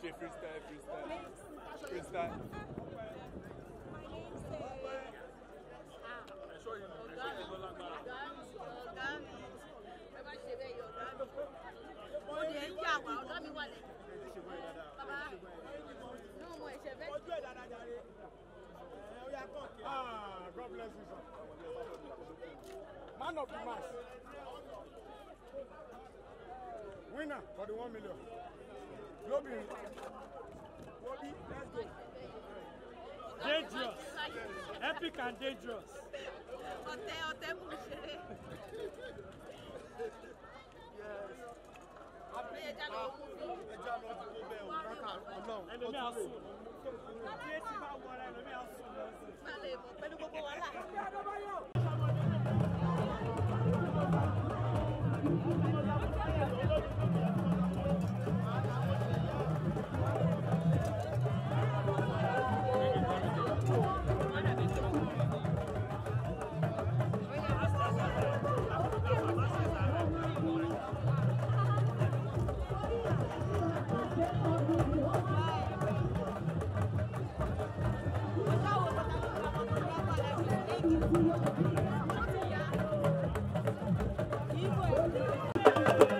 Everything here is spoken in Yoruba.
ṣe freestyle freestyle freestyle. ọ̀gá mi ẹ bá ṣe bẹ́ẹ̀ yọ ọ̀gá mi mo you sir man of the mass. winner for the one million lóbìnrin wọbí let's go. dangerous epic and dangerous. ọ̀tẹ̀ ọ̀tẹ̀ mú ṣeré. abẹ́ Thank you.